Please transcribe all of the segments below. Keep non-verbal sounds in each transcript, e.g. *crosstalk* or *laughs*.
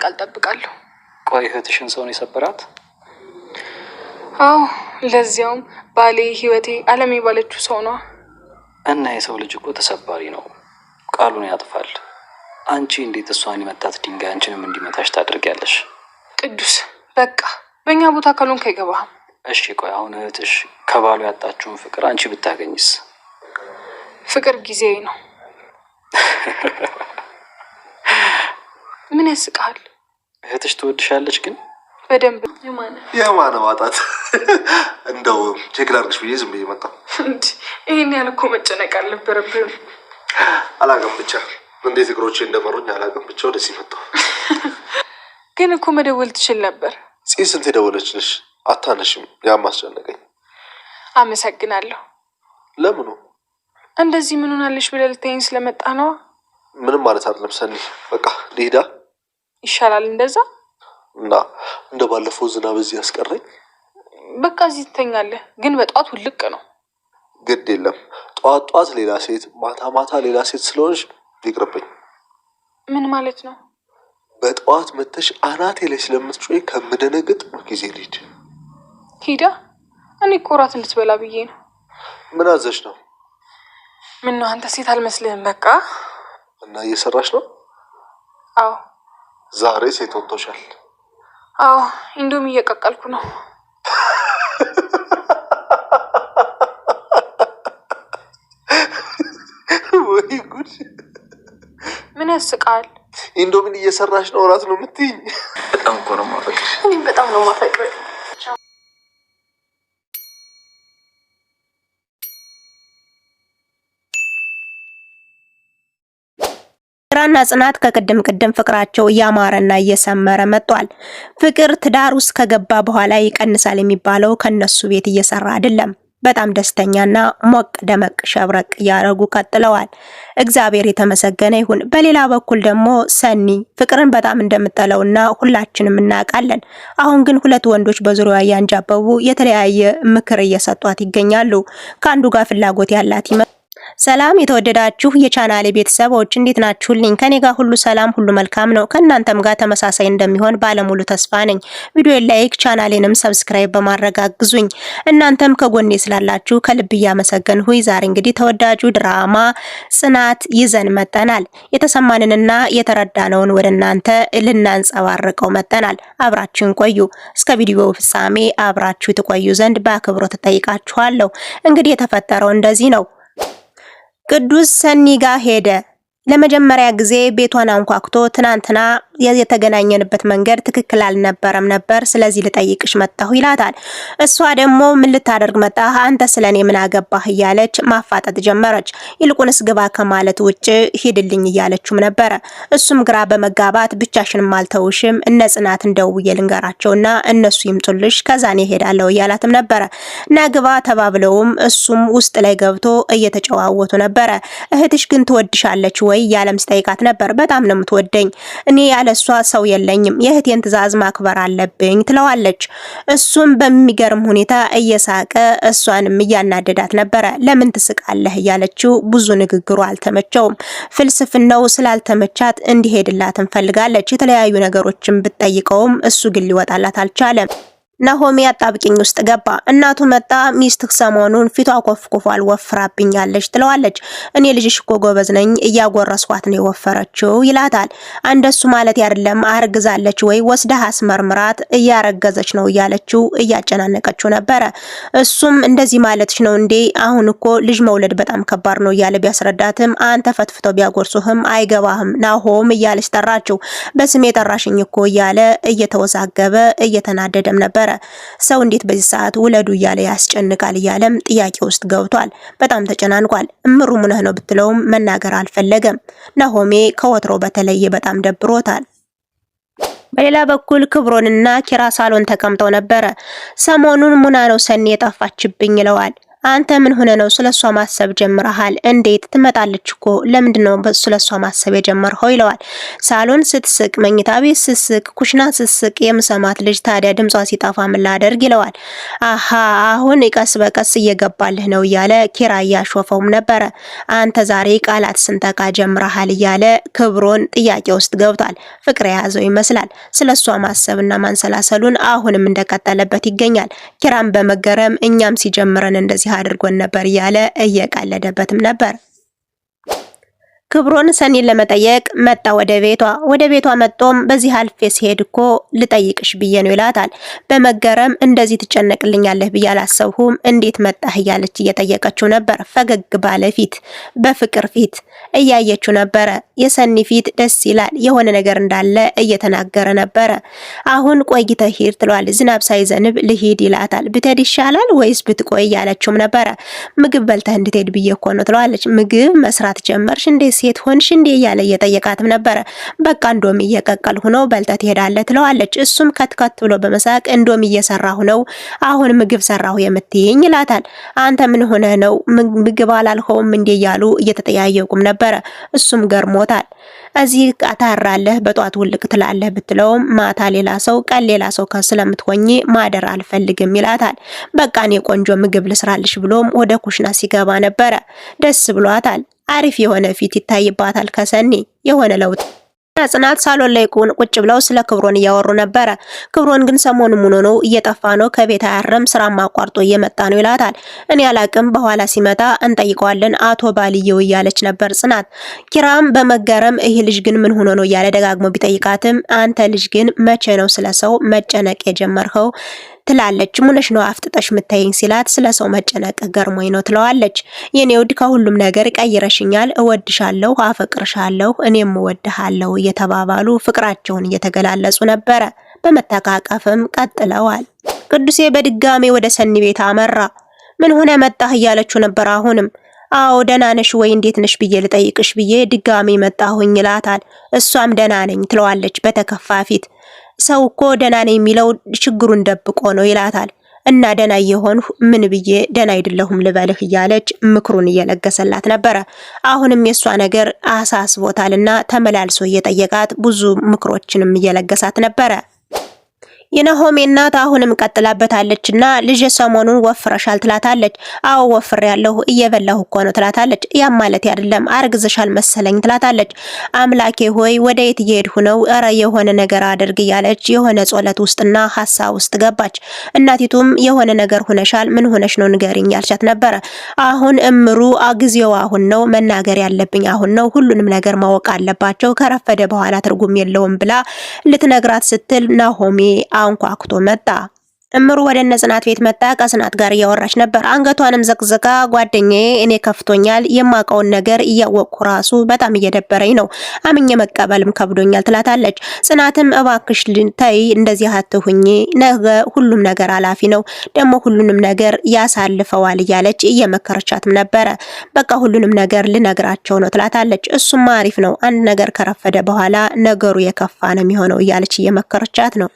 ቃል ጠብቃለሁ። ቆይ እህትሽን ሰውን የሰበራት? አዎ፣ ለዚያውም ባሌ ህይወቴ አለም የባለችው ሰው ነዋ። እና የሰው ልጅ እኮ ተሰባሪ ነው፣ ቃሉን ያጥፋል። አንቺ እንዴት እሷን የመታት ድንጋይ አንቺንም እንዲመታሽ ታደርጊያለሽ? ቅዱስ በቃ በእኛ ቦታ ካሉን ከይገባህም። እሺ ቆይ አሁን እህትሽ ከባሉ ያጣችውን ፍቅር አንቺ ብታገኝስ? ፍቅር ጊዜያዊ ነው። *laughs* ምን ያስቃል? እህትሽ ትወድሻለች ግን በደንብ የማነ ማጣት እንደው ቼክ ላድርግሽ ብዬ ዝም ብዬ መጣሁ። ይህን ያህል እኮ መጨነቅ አልነበረብህም። አላውቅም ብቻ እንዴት እግሮቼ እንደመሩኝ አላውቅም። ብቻ ወደዚህ መጣሁ። ግን እኮ መደወል ትችል ነበር። ጽ ስንት የደወለችልሽ አታነሽም? ያም አስጨነቀኝ። አመሰግናለሁ። ለምኑ? እንደዚህ ምን ሆናለሽ ብለህ ልታይኝ ስለመጣ ነዋ። ምንም ማለት አይደለም ሰኒ። በቃ ልሂዳ ይሻላል እንደዛ። እና እንደ ባለፈው ዝናብ እዚህ ያስቀረኝ። በቃ እዚህ ትተኛለህ፣ ግን በጠዋት ውልቅ ነው። ግድ የለም ጠዋት ጠዋት ሌላ ሴት፣ ማታ ማታ ሌላ ሴት ስለሆንሽ ይቅርብኝ። ምን ማለት ነው? በጠዋት መተሽ አናቴ ላይ ስለምትጮይ ከምደነግጥ ጊዜ ልሂድ። ሂዳ። እኔ ቁራት እንድትበላ ብዬ ነው። ምን አዘሽ ነው? ምን ነው አንተ ሴት አልመስልህም። በቃ እና እየሰራሽ ነው? አዎ ዛሬ ሴት ወጥቶሻል። አዎ እንዶም እየቀቀልኩ ነው። ወይ ጉድ! ምን ያስቃል? እንዶምን እየሰራሽ ነው? እራት ነው የምትይኝ? በጣም እኮ ነው የማፈቅርሽ። እኔም በጣም ነው የማፈቅርሽ። ኪራና ጽናት ከቅድም ቅድም ፍቅራቸው እያማረና እየሰመረ መጥቷል። ፍቅር ትዳር ውስጥ ከገባ በኋላ ይቀንሳል የሚባለው ከነሱ ቤት እየሰራ አይደለም። በጣም ደስተኛና ሞቅ ደመቅ ሸብረቅ እያደረጉ ቀጥለዋል። እግዚአብሔር የተመሰገነ ይሁን። በሌላ በኩል ደግሞ ሰኒ ፍቅርን በጣም እንደምጠለውና ሁላችንም እናውቃለን። አሁን ግን ሁለት ወንዶች በዙሪያዋ እያንጃበቡ የተለያየ ምክር እየሰጧት ይገኛሉ። ከአንዱ ጋር ፍላጎት ያላት ሰላም የተወደዳችሁ የቻናሌ ቤተሰቦች እንዴት ናችሁልኝ? ከኔ ጋር ሁሉ ሰላም፣ ሁሉ መልካም ነው። ከእናንተም ጋር ተመሳሳይ እንደሚሆን ባለሙሉ ተስፋ ነኝ። ቪዲዮ ላይክ፣ ቻናሌንም ሰብስክራይብ በማድረግ አግዙኝ። እናንተም ከጎኔ ስላላችሁ ከልብ ያመሰገን ሁይ። ዛሬ እንግዲህ ተወዳጁ ድራማ ጽናት ይዘን መጠናል። የተሰማንንና የተረዳነውን ወደ እናንተ ልናንጸባርቀው መጠናል። አብራችሁን ቆዩ። እስከ ቪዲዮው ፍጻሜ አብራችሁ ትቆዩ ዘንድ በአክብሮት እጠይቃችኋለሁ። እንግዲህ የተፈጠረው እንደዚህ ነው። ቅዱስ ሰኒ ጋር ሄደ። ለመጀመሪያ ጊዜ ቤቷን አንኳኩቶ ትናንትና የተገናኘንበት መንገድ ትክክል አልነበረም ነበር፣ ስለዚህ ልጠይቅሽ መጣሁ ይላታል። እሷ ደግሞ ምን ልታደርግ መጣህ አንተ ስለ ምን አገባህ እያለች ማፋጠጥ ጀመረች። ይልቁንስ ግባ ከማለት ውጭ ሂድልኝ እያለችም ነበረ። እሱም ግራ በመጋባት ብቻሽንም አልተውሽም እነ ጽናትን ደውዬ ልንገራቸውና እነሱ ይምጡልሽ ከዛኔ እሄዳለሁ እያላትም ነበረ። ና ግባ ተባብለውም እሱም ውስጥ ላይ ገብቶ እየተጨዋወቱ ነበረ። እህትሽ ግን ትወድሻለች ወይ እያለም ሲጠይቃት ነበር። በጣም ነው የምትወደኝ እኔ ያለ ያለሷ ሰው የለኝም፣ የእህቴን ትዕዛዝ ማክበር አለብኝ ትለዋለች። እሱም በሚገርም ሁኔታ እየሳቀ እሷንም እያናደዳት ነበረ። ለምን ትስቃለህ እያለችው ብዙ ንግግሩ አልተመቸውም። ፍልስፍናው ስላልተመቻት እንዲሄድላት እንፈልጋለች። የተለያዩ ነገሮችን ብትጠይቀውም እሱ ግን ሊወጣላት አልቻለም። ናሆሚ አጣብቂኝ ውስጥ ገባ። እናቱ መጣ። ሚስት ሰሞኑን ፊቷ ኮፍኮፏል፣ ወፍራብኛለች ትለዋለች። እኔ ልጅሽ እኮ ጎበዝ ነኝ እያጎረስኳት ነው የወፈረችው ይላታል። አንደሱ ማለት አይደለም አርግዛለች ወይ ወስደህ አስመርምራት፣ እያረገዘች ነው እያለችው እያጨናነቀችው ነበረ። እሱም እንደዚህ ማለትሽ ነው እንዴ? አሁን እኮ ልጅ መውለድ በጣም ከባድ ነው እያለ ቢያስረዳትም አንተ ፈትፍተው ቢያጎርሱህም አይገባህም ናሆም እያለች ጠራችው። በስሜ ጠራሽኝ እኮ እያለ እየተወዛገበ እየተናደደም ነበር። ነበረ። ሰው እንዴት በዚህ ሰዓት ውለዱ እያለ ያስጨንቃል እያለም ጥያቄ ውስጥ ገብቷል። በጣም ተጨናንቋል። እምሩ ምነህ ነው ብትለውም መናገር አልፈለገም። ናሆሜ ከወትሮ በተለየ በጣም ደብሮታል። በሌላ በኩል ክብሮንና ኪራ ሳሎን ተቀምጠው ነበረ። ሰሞኑን ሙና ነው ሰኔ የጠፋችብኝ ይለዋል። አንተ ምን ሆነ ነው ስለሷ ማሰብ ጀምረሃል? እንዴት ትመጣለች እኮ ለምንድን ነው ስለሷ ማሰብ የጀመርኸው? ይለዋል። ሳሎን ስትስቅ፣ መኝታ ቤት ስትስቅ፣ ኩሽና ስትስቅ የምሰማት ልጅ ታዲያ ድምጿ ሲጠፋ ምን ላደርግ? ይለዋል። አሃ አሁን ቀስ በቀስ እየገባልህ ነው እያለ ኪራ እያሾፈውም ነበረ። አንተ ዛሬ ቃላት ስንጠቃ ጀምረሃል እያለ ክብሮን ጥያቄ ውስጥ ገብቷል። ፍቅር የያዘው ይመስላል። ስለሷ ማሰብና ማንሰላሰሉን አሁንም እንደቀጠለበት ይገኛል። ኪራም በመገረም እኛም ሲጀምረን እንደዚህ አድርጎን ነበር እያለ እየቀለደበትም ነበር። ክብሮን ሰኒን ለመጠየቅ መጣ ወደ ቤቷ። ወደ ቤቷ መጥቶም በዚህ አልፌ ሲሄድ እኮ ልጠይቅሽ ብዬ ነው ይላታል። በመገረም እንደዚህ ትጨነቅልኛለህ ብዬ አላሰብሁም፣ እንዴት መጣህ እያለች እየጠየቀችው ነበር። ፈገግ ባለ ፊት፣ በፍቅር ፊት እያየችው ነበረ። የሰኒ ፊት ደስ ይላል፣ የሆነ ነገር እንዳለ እየተናገረ ነበረ። አሁን ቆይተ ሂድ ትሏል። ዝናብ ሳይዘንብ ልሂድ ይላታል። ብትሄድ ይሻላል ወይስ ብትቆይ እያለችውም ነበረ። ምግብ በልተህ እንድትሄድ ብዬ እኮ ነው ትለዋለች። ምግብ መስራት ጀመርሽ እንዴ ሴት ሆንሽ እንዴ እያለ እየጠየቃትም ነበረ። በቃ እንዶም እየቀቀል ሆኖ በልጠት ትሄዳለህ ትለዋለች። እሱም ከትከት ብሎ በመሳቅ እንዶም እየሰራሁ ነው አሁን ምግብ ሰራሁ የምትይኝ ይላታል። አንተ ምን ሆነ ነው ምግብ አላልኸውም እንዴ እያሉ እየተጠያየቁም ነበረ። እሱም ገርሞታል። እዚህ ታራለህ በጧት ውልቅ ትላለህ ብትለውም ማታ ሌላ ሰው ቀን ሌላ ሰው ስለምትሆኝ ማደር አልፈልግም ይላታል። በቃ እኔ ቆንጆ ምግብ ልስራልሽ ብሎም ወደ ኩሽና ሲገባ ነበረ። ደስ ብሏታል። አሪፍ የሆነ ፊት ይታይባታል ከሰኒ የሆነ ለውጥ ጽናት ሳሎን ላይ ቁጭ ብለው ስለ ክብሮን እያወሩ ነበረ። ክብሮን ግን ሰሞኑ ሙኖ ነው እየጠፋ ነው፣ ከቤት አያርም፣ ስራ አቋርጦ እየመጣ ነው ይላታል። እኔ አላቅም፣ በኋላ ሲመጣ እንጠይቀዋለን አቶ ባልየው እያለች ነበር ጽናት። ኪራም በመገረም ይህ ልጅ ግን ምን ሆኖ ነው እያለ ደጋግሞ ቢጠይቃትም አንተ ልጅ ግን መቼ ነው ስለ ሰው መጨነቅ የጀመርከው? ትላለች። ምንሽ ነው አፍጥጠሽ ምታይኝ ሲላት ስለ ሰው መጨነቅ ገርሞኝ ነው ትለዋለች። የኔ ውድ ከሁሉም ነገር ቀይረሽኛል፣ እወድሻለሁ፣ አፈቅርሻለሁ፣ እኔም እወድሃለሁ እየተባባሉ ፍቅራቸውን እየተገላለጹ ነበረ። በመተቃቀፍም ቀጥለዋል። ቅዱሴ በድጋሜ ወደ ሰኒ ቤት አመራ። ምን ሆነ መጣህ እያለችው ነበር አሁንም አዎ ደህና ነሽ ወይ እንዴት ነሽ ብዬ ልጠይቅሽ ብዬ ድጋሚ መጣሁኝ ይላታል። እሷም ደህና ነኝ ትለዋለች በተከፋ ፊት። ሰው እኮ ደና ነው የሚለው ችግሩን ደብቆ ነው ይላታል። እና ደና እየሆንሁ ምን ብዬ ደና አይደለሁም ልበልህ እያለች ምክሩን እየለገሰላት ነበረ። አሁንም የእሷ ነገር አሳስቦታልና ተመላልሶ እየጠየቃት ብዙ ምክሮችንም እየለገሳት ነበረ። የናሆሜ እናት አሁንም ቀጥላበታለች እና ልጅ ሰሞኑን ወፍረሻል ትላታለች። አዎ ወፍር ያለሁ እየበላሁ እኮ ነው ትላታለች። ያም ማለት አይደለም አርግዝሻል መሰለኝ ትላታለች። አምላኬ ሆይ ወደ የት እየሄድሁ ነው? እረ የሆነ ነገር አድርግ እያለች የሆነ ጸሎት ውስጥና ሀሳብ ውስጥ ገባች። እናቲቱም የሆነ ነገር ሁነሻል፣ ምን ሆነሽ ነው ንገሪኝ ያልቻት ነበረ። አሁን እምሩ ጊዜው አሁን ነው መናገር ያለብኝ አሁን ነው ሁሉንም ነገር ማወቅ አለባቸው ከረፈደ በኋላ ትርጉም የለውም ብላ ልትነግራት ስትል ናሆሜ አንኳኩቶ መጣ። እምሩ ወደ እነ ጽናት ቤት መጣ። ከጽናት ጋር እያወራች ነበር። አንገቷንም ዘቅዝቃ ጓደኛዬ፣ እኔ ከፍቶኛል፣ የማውቀውን ነገር እያወቅኩ ራሱ በጣም እየደበረኝ ነው፣ አምኜ መቀበልም ከብዶኛል ትላታለች። ጽናትም እባክሽ ተይ፣ እንደዚህ አትሁኝ፣ ነገ ሁሉም ነገር አላፊ ነው፣ ደግሞ ሁሉንም ነገር ያሳልፈዋል እያለች እየመከረቻትም ነበረ። በቃ ሁሉንም ነገር ልነግራቸው ነው ትላታለች። እሱም አሪፍ ነው፣ አንድ ነገር ከረፈደ በኋላ ነገሩ የከፋ ነው የሚሆነው እያለች እየመከረቻት ነው።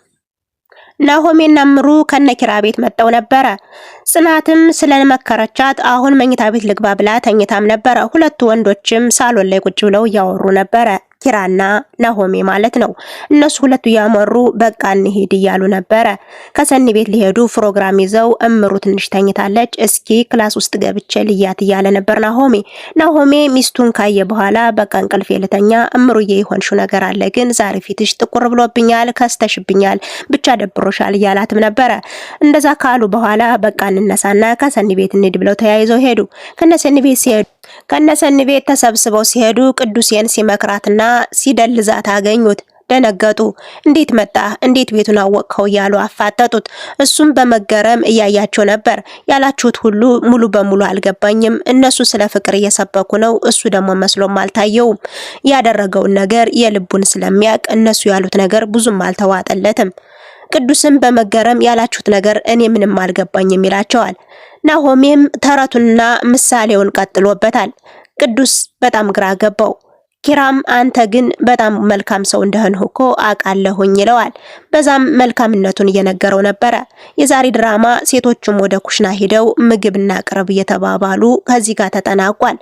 ናሆሜና ምሩ ከነ ኪራ ቤት መጠው ነበረ። ጽናትም ስለመከረቻት አሁን መኝታ ቤት ልግባ ብላ ተኝታም ነበረ። ሁለቱ ወንዶችም ሳሎን ላይ ቁጭ ብለው እያወሩ ነበረ። ኪራና ናሆሜ ማለት ነው። እነሱ ሁለቱ እያመሩ በቃ እንሄድ እያሉ ነበረ። ከሰኒ ቤት ሊሄዱ ፕሮግራም ይዘው እምሩ ትንሽ ተኝታለች፣ እስኪ ክላስ ውስጥ ገብቼ ልያት እያለ ነበር ናሆሜ። ናሆሜ ሚስቱን ካየ በኋላ በቃ እንቅልፌ ለተኛ እምሩዬ የሆንሽው ነገር አለ ግን ዛሬ ፊትሽ ጥቁር ብሎብኛል፣ ከስተሽብኛል፣ ብቻ ደብሮሻል እያላትም ነበረ። እንደዛ ካሉ በኋላ በቃ እንነሳና ከሰኒ ቤት እንሂድ ብለው ተያይዘው ሄዱ። ከነሰኒ ቤት ሲሄዱ ከነሰኒ ቤት ተሰብስበው ሲሄዱ ቅዱሴን ሲመክራትና ሲደልዛት አገኙት። ደነገጡ። እንዴት መጣ? እንዴት ቤቱን አወቅከው? እያሉ አፋጠጡት። እሱም በመገረም እያያቸው ነበር። ያላችሁት ሁሉ ሙሉ በሙሉ አልገባኝም። እነሱ ስለ ፍቅር እየሰበኩ ነው፣ እሱ ደግሞ መስሎም አልታየውም። ያደረገውን ነገር የልቡን ስለሚያውቅ እነሱ ያሉት ነገር ብዙም አልተዋጠለትም። ቅዱስን በመገረም ያላችሁት ነገር እኔ ምንም አልገባኝም ይላቸዋል። ናሆሜም ተረቱንና ምሳሌውን ቀጥሎበታል። ቅዱስ በጣም ግራ ገባው። ኪራም አንተ ግን በጣም መልካም ሰው እንደሆንህ እኮ አውቃለሁኝ ይለዋል። በዛም መልካምነቱን እየነገረው ነበረ። የዛሬ ድራማ ሴቶቹም ወደ ኩሽና ሂደው ምግብና ቅርብ እየተባባሉ ከዚህ ጋር ተጠናቋል።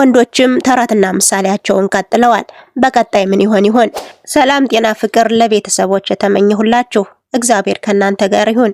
ወንዶችም ተረትና ምሳሌያቸውን ቀጥለዋል። በቀጣይ ምን ይሆን ይሆን? ሰላም ጤና፣ ፍቅር ለቤተሰቦች የተመኘሁላችሁ እግዚአብሔር ከእናንተ ጋር ይሁን።